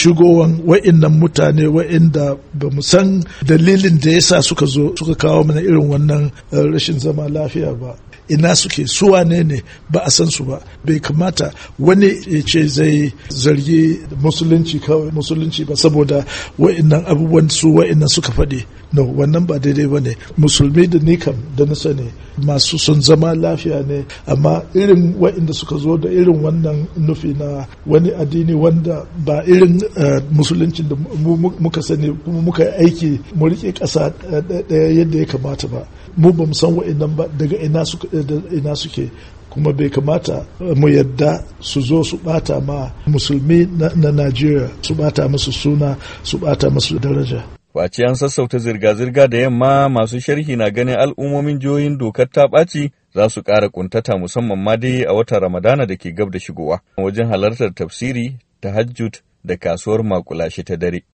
shigowan wa'innan mutane wa'inda ba mu san dalilin da yasa suka zo suka kawo mana irin wannan eh, rashin zama lafiya ba ina suke su wane ne ba a san su ba bai kamata wani ya ce zai zargi musulunci kawai musulunci ba saboda wa'innan abubuwan su wa'innan suka faɗi no wannan ba daidai ba ne musulmi da ni kam da na sani masu sun zama lafiya ne amma irin wa'inda suka zo da irin wannan nufi na wani addini wanda ba irin eh, musuluncin da muka sani kuma muka yi aiki mu rike ƙasa eh, ɗaya yadda ya kamata ba mu ba mu san wa'innan ba daga eh, ina suke kuma bai kamata mu yadda su zo su bata ma musulmi na najeriya su bata musu suna su bata musu daraja Face an sassauta zirga-zirga da yamma masu sharhi na ganin al'ummomin jihohin dokar ta ɓaci za su ƙara ƙuntata musamman ma dai a watan Ramadana da ke gab da shigowa wajen halartar tafsiri, tahajjud da kasuwar makulashe ta dare.